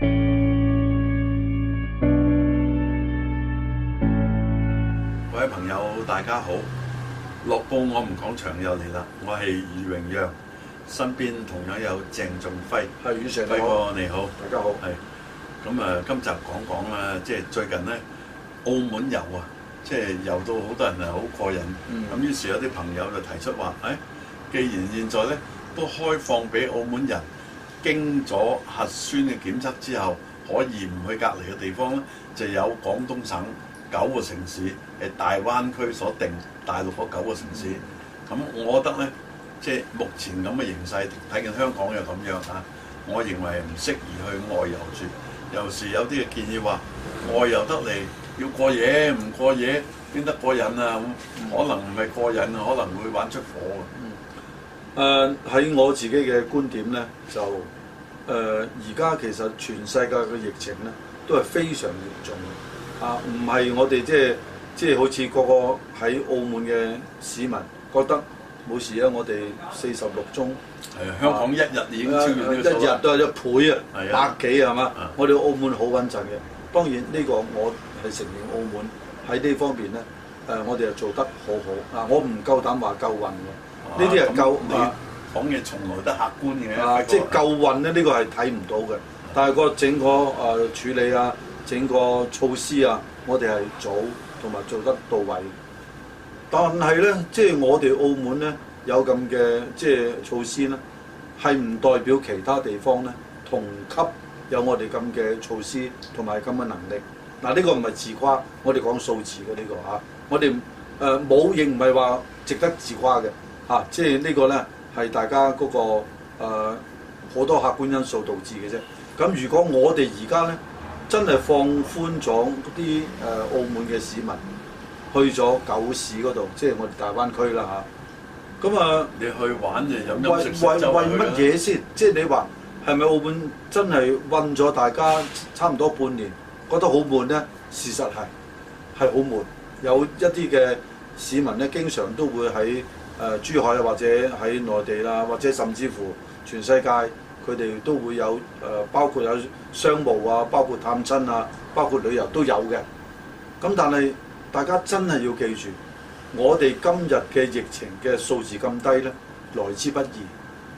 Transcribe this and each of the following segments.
各位朋友，大家好！樂報我們講場又嚟啦，我係余榮洋，身邊同樣有鄭仲輝，係余上輝哥，你好，大家好。係咁啊，今集講講啦，即係最近咧，澳門遊啊，即係遊到好多人啊，好過癮。咁於是有啲朋友就提出話，誒，既然現在咧都開放俾澳門人。經咗核酸嘅檢測之後，可以唔去隔離嘅地方咧，就有廣東省九個城市係大灣區所定大陸嗰九個城市。咁我覺得咧，即係目前咁嘅形勢，睇見香港又咁樣啊，我認為唔適宜去外遊住。尤有時有啲嘅建議話外遊得嚟要過夜，唔過夜邊得過癮啊？可能唔係過癮啊，可能會玩出火啊。誒喺、嗯呃、我自己嘅觀點咧，就誒而家其實全世界嘅疫情咧都係非常嚴重嘅啊！唔係我哋即係即係好似個個喺澳門嘅市民覺得冇事啊！我哋四十六宗，香港一日已經超越呢個數、啊、一日都係一倍啊，的百幾啊嘛！的我哋澳門好穩陣嘅，當然呢個我係承認澳門喺呢方面咧，誒我哋又做得好好啊！我唔夠、啊、膽話夠運㗎，呢啲係夠。啊講嘢從來都客觀嘅，啊，如果即係救運咧，呢個係睇唔到嘅。但係個整個誒、呃、處理啊，整個措施啊，我哋係早同埋做得到位。但係咧，即係我哋澳門咧有咁嘅即係措施咧，係唔代表其他地方咧同級有我哋咁嘅措施同埋咁嘅能力。嗱、啊，呢、這個唔係自誇，我哋講數字嘅呢、這個嚇、啊，我哋誒冇亦唔係話值得自誇嘅嚇，即係呢個咧。係大家嗰個誒好多客觀因素導致嘅啫。咁如果我哋而家咧真係放寬咗啲誒澳門嘅市民去咗九市嗰度，即係我哋大灣區啦吓。咁啊，你去玩就有飲食為為為乜嘢先？即係你話係咪澳門真係韞咗大家差唔多半年，覺得好悶咧？事實係係好悶，有一啲嘅市民咧，經常都會喺，誒珠海啊，或者喺內地啦，或者甚至乎全世界，佢哋都會有誒，包括有商務啊，包括探親啊，包括旅遊都有嘅。咁但係大家真係要記住，我哋今日嘅疫情嘅數字咁低呢，來之不易。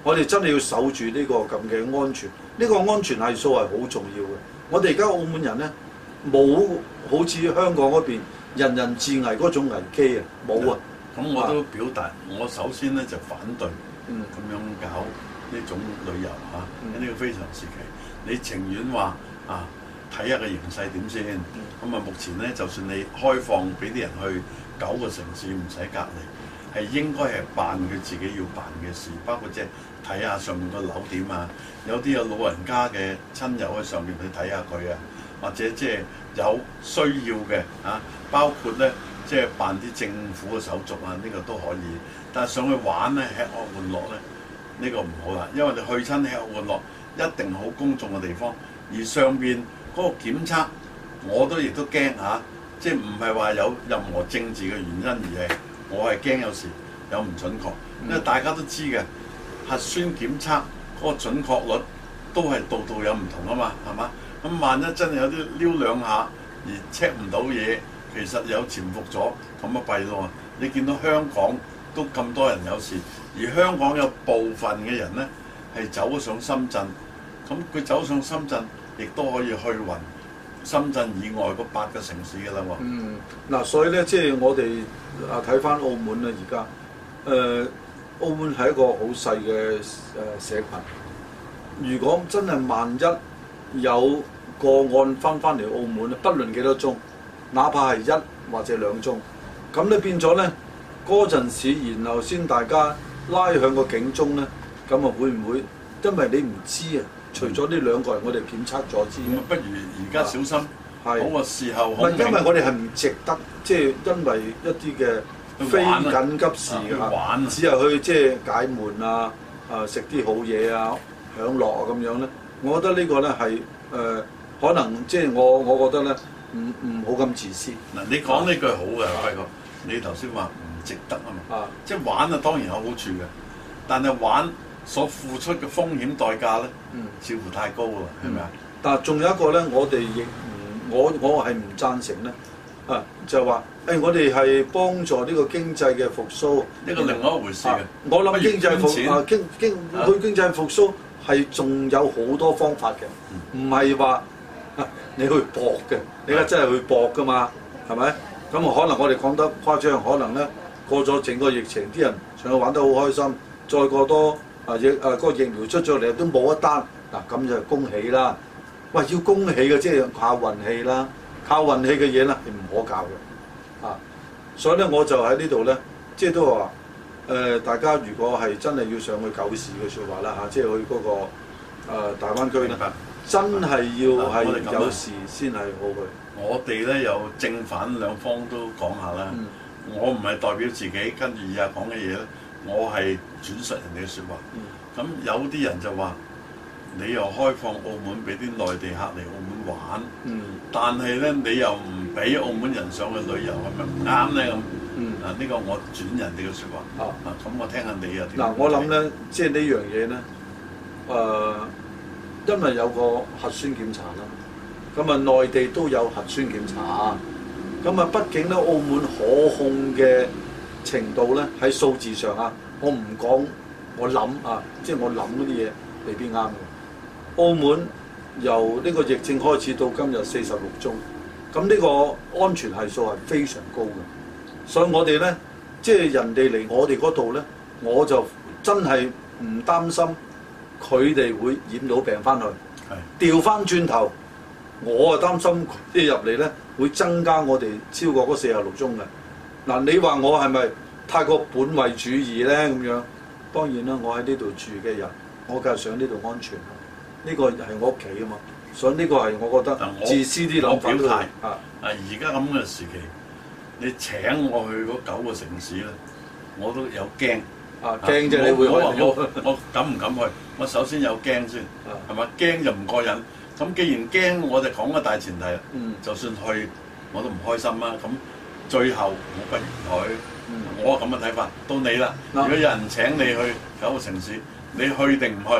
我哋真係要守住呢個咁嘅安全，呢、這個安全係數係好重要嘅。我哋而家澳門人呢，冇好似香港嗰邊人人自危嗰種危機啊，冇啊。咁我都表達，我首先咧就反對咁樣搞呢種旅遊，喺呢個非常時期，你情願話啊睇下個形勢點先。咁啊，目前咧就算你開放俾啲人去九個城市唔使隔離，係應該係辦佢自己要辦嘅事，包括即係睇下上面個樓點啊，有啲有老人家嘅親友喺上面去睇下佢啊，或者即係有需要嘅啊，包括咧。即係辦啲政府嘅手續啊，呢個都可以。但係上去玩咧、吃喝玩樂咧，呢個唔好啦，因為你去親吃喝玩樂，一定好公眾嘅地方。而上邊嗰個檢測，我都亦都驚嚇，即係唔係話有任何政治嘅原因，而係我係驚有時有唔準確，嗯、因為大家都知嘅核酸檢測嗰個準確率都係度度有唔同啊嘛，係嘛？咁萬一真係有啲撩兩下而 check 唔到嘢。其實有潛伏咗咁啊弊咯，你見到香港都咁多人有事，而香港有部分嘅人呢係走上深圳，咁佢走上深圳亦都可以去勻深圳以外嗰八個城市㗎啦喎。嗯，嗱、啊，所以呢，即係我哋啊睇翻澳門咧而家，誒、呃、澳門係一個好細嘅誒社群。如果真係萬一有個案翻翻嚟澳門，不論幾多宗。哪怕係一或者兩宗，咁你變咗咧嗰陣時，然後先大家拉響個警鐘咧，咁啊會唔會？因為你唔知啊，除咗呢兩個人，我哋檢測咗之外，不如而家小心，係嗰個時候。唔係因為我哋係唔值得，即係因為一啲嘅非緊急時刻，只係去即係解悶啊，啊食啲好嘢啊，享樂啊咁樣咧。我覺得呢個咧係誒可能即係我我覺得咧。唔唔，唔好咁自私。嗱，你講呢句好嘅，我威哥，你頭先話唔值得啊嘛，即係玩啊，當然有好處嘅，但係玩所付出嘅風險代價咧，似乎太高喇，係咪啊？但係仲有一個咧，我哋亦唔，我我係唔贊成咧，啊，就係話，誒，我哋係幫助呢個經濟嘅復甦，呢個另一回事嘅。我諗經濟復啊，經經佢經濟復甦係仲有好多方法嘅，唔係話。 你去搏嘅，你而家真係去搏噶嘛，係咪？咁可能我哋講得誇張，可能咧過咗整個疫情，啲人上去玩得好開心，再過多啊疫啊個疫苗出咗嚟，都冇一單，嗱、啊、咁就恭喜啦！喂，要恭喜嘅即係靠運氣啦，靠運氣嘅嘢啦係唔可教嘅啊！所以咧我就喺呢度咧，即係都話誒、呃，大家如果係真係要上去救市嘅說話啦吓、啊，即係去嗰、那個誒、呃、大灣區咧。嗯真係要我哋有事先係好佢，我哋咧有正反兩方都講下啦。我唔係代表自己跟住以下講嘅嘢咧，我係轉述人哋嘅説話。咁有啲人就話你又開放澳門俾啲內地客嚟澳門玩，但係呢，你又唔俾澳門人上去旅遊咁樣唔啱呢？咁。啊，呢個我轉人哋嘅説話。咁我聽下你又點？嗱，我諗咧，即係呢樣嘢呢。誒。因為有個核酸檢查啦，咁啊內地都有核酸檢查啊，咁啊畢竟咧澳門可控嘅程度咧喺數字上啊，我唔講我諗啊，即係我諗嗰啲嘢未必啱嘅。澳門由呢個疫症開始到今日四十六宗，咁呢個安全係數係非常高嘅，所以我哋咧即係人哋嚟我哋嗰度咧，我就真係唔擔心。佢哋會染到病翻去，調翻轉頭，我啊擔心啲入嚟咧會增加我哋超過嗰四十六宗嘅。嗱，你話我係咪太過本位主義咧咁樣？當然啦，我喺呢度住嘅人，我梗係想呢度安全。呢個係我屋企啊嘛，所以呢個係我覺得自私啲老我會表態。啊，而家咁嘅時期，你請我去嗰九個城市咧，我都有驚。啊驚啫！你會去？我我敢唔敢去？我首先有驚先，係咪？驚就唔過癮。咁既然驚，我就講個大前提啦。嗯，就算去，我都唔開心啦。咁最後我不容許。嗯，我啊咁嘅睇法。到你啦。如果有人請你去某個城市，你去定唔去？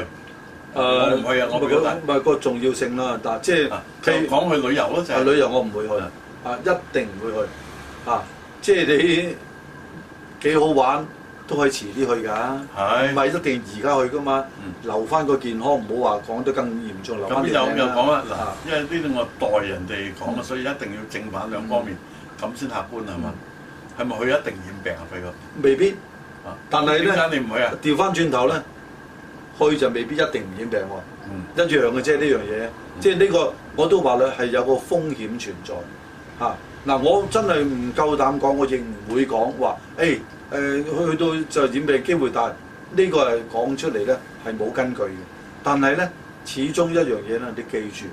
誒，我唔去啊！我表達唔係個重要性啦，但即係講去旅遊咯，就係旅遊。我唔會去啊！一定唔會去啊！即係你幾好玩？都可以遲啲去㗎，唔係一定而家去㗎嘛，留翻個健康，唔好話講得更嚴重，留翻啲啦。咁又咁講啦，嗱，因為呢度我代人哋講啊，所以一定要正反兩方面，咁先客觀係嘛？係咪佢一定染病啊？比較未必，但係咧，調翻轉頭咧，去就未必一定唔染病喎。一樣嘅啫，呢樣嘢，即係呢個我都話咧係有個風險存在嚇。嗱，我真係唔夠膽講，我亦唔會講話，誒。誒去去到就染病機會大，呢個係講出嚟咧係冇根據嘅。但係咧，始終一樣嘢咧，你記住，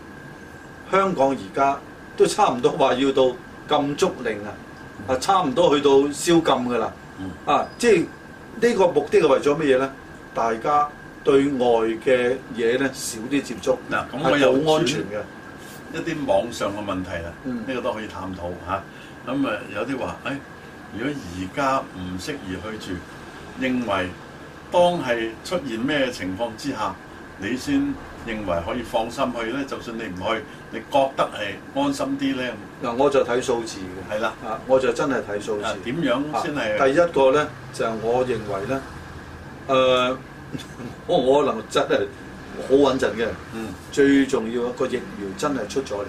香港而家都差唔多話要到禁足令啊，啊、嗯、差唔多去到宵禁㗎啦。嗯、啊，即係呢個目的係為咗乜嘢咧？大家對外嘅嘢咧少啲接觸，嗱咁啊又、嗯、安全嘅、嗯、一啲網上嘅問題啦。呢、嗯、個都可以探討吓。咁啊有啲話誒。哎如果而家唔適宜去住，認為當係出現咩情況之下，你先認為可以放心去呢？就算你唔去，你覺得係安心啲呢？嗱，我就睇數字嘅，係啦的，我就真係睇數字。點樣先係、啊？第一個呢，就係、我認為呢，誒、呃，我可能真係好穩陣嘅。嗯，最重要一個疫苗真係出咗嚟。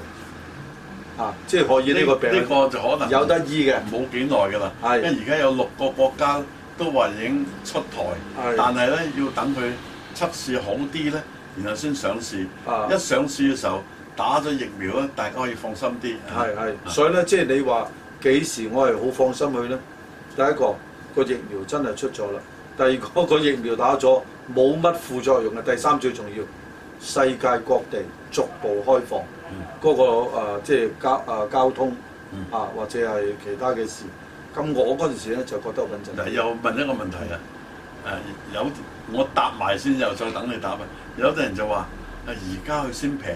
啊！即係可以呢個病，呢、呢個呢個就可能有，有得醫嘅，冇幾耐㗎啦。係的，因為而家有六個國家都話已經出台，的但係咧要等佢測試好啲咧，然後先上市。啊的！一上市嘅時候打咗疫苗咧，大家可以放心啲。係係、啊。所以咧，即係你話幾時我係好放心去咧？第一個個疫苗真係出咗啦，第二個個疫苗打咗冇乜副作用嘅，第三最重要，世界各地逐步開放。嗰、嗯那個、呃、即係交誒、呃、交通、嗯、啊，或者係其他嘅事。咁我嗰陣時咧就覺得穩陣啲。又問一個問題、嗯、啊！誒有我答埋先，又再等你答啊！有啲人就話：誒而家去先平，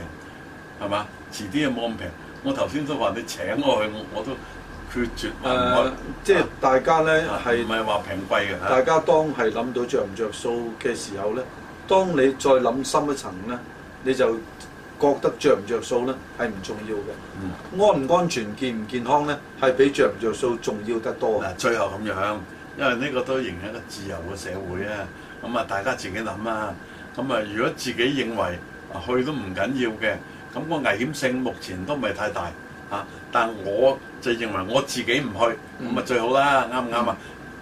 係嘛？遲啲又冇咁平。我頭先都話你請我去，我我都決絕。呃、即係大家咧係唔係話平貴嘅？啊啊、大家當係諗到着唔着數嘅時候咧，當你再諗深，深，深一層咧，你就，覺得着唔着數呢係唔重要嘅，嗯、安唔安全，健唔健康呢係比着唔着數重要得多。最後咁樣，因為呢個都仍係一個自由嘅社會啊，咁啊大家自己諗啊，咁啊如果自己認為去都唔緊要嘅，咁個危險性目前都唔係太大啊，但我就認為我自己唔去咁啊、嗯、最好啦，啱唔啱啊？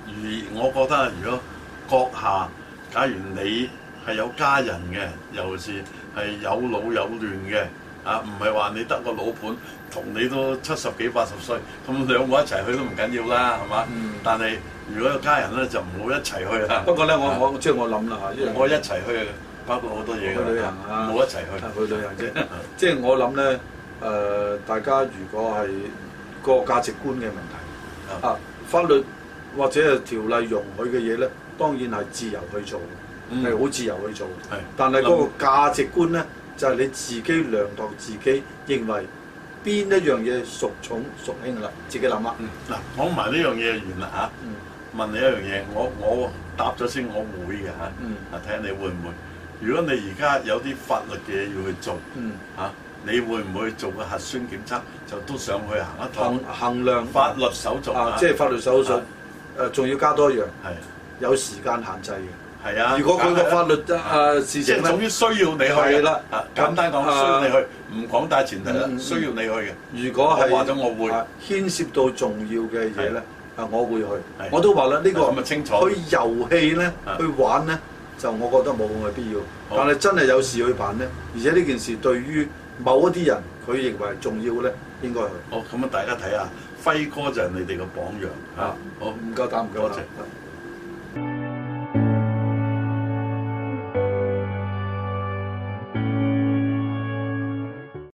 如、嗯、我覺得如果閣下假如你係有家人嘅，尤其是，係有老有嫩嘅，啊唔係話你得個老伴同你都七十幾八十歲，咁兩個一齊去都唔緊要啦，係嘛、嗯？但係如果有家人咧就唔好一齊去啦。嗯、不過咧，我、啊、我即係、就是、我諗啦嚇，因為我一齊去包括好多嘢嘅，冇、啊啊、一齊去。去旅行啫，即係 我諗咧，誒、呃、大家如果係個價值觀嘅問題，嗯、啊，啊法律，律或者係條例容許嘅嘢咧，當然係自，自由去做。係好 自由去做，是但係嗰個價值觀咧，就係、是、你自己量度自己認為邊一樣嘢屬重屬輕啦，自己諗下。嗱、嗯，講埋呢樣嘢完啦嚇、啊。問你一樣嘢，我我答咗先，我會嘅嚇。啊，睇下你會唔會？如果你而家有啲法律嘅嘢要去做嚇、嗯啊，你會唔會做個核酸檢測就都上去行一趟？衡量法律手續啊，即係法律手續。誒、啊，仲要加多一樣，是是有時間限制嘅。係啊！如果佢個法律啊事情終於需要你去咧，係啦，簡單講，需要你去，唔講大前提啦，需要你去嘅。如果係話咗我會牽涉到重要嘅嘢咧，啊，我會去。我都話啦，呢個去遊戲咧，去玩咧，就我覺得冇咁嘅必要。但係真係有事去辦咧，而且呢件事對於某一啲人，佢認為重要咧，應該去。好咁啊！大家睇下，輝哥就係你哋嘅榜樣嚇。好，唔該打唔該啦。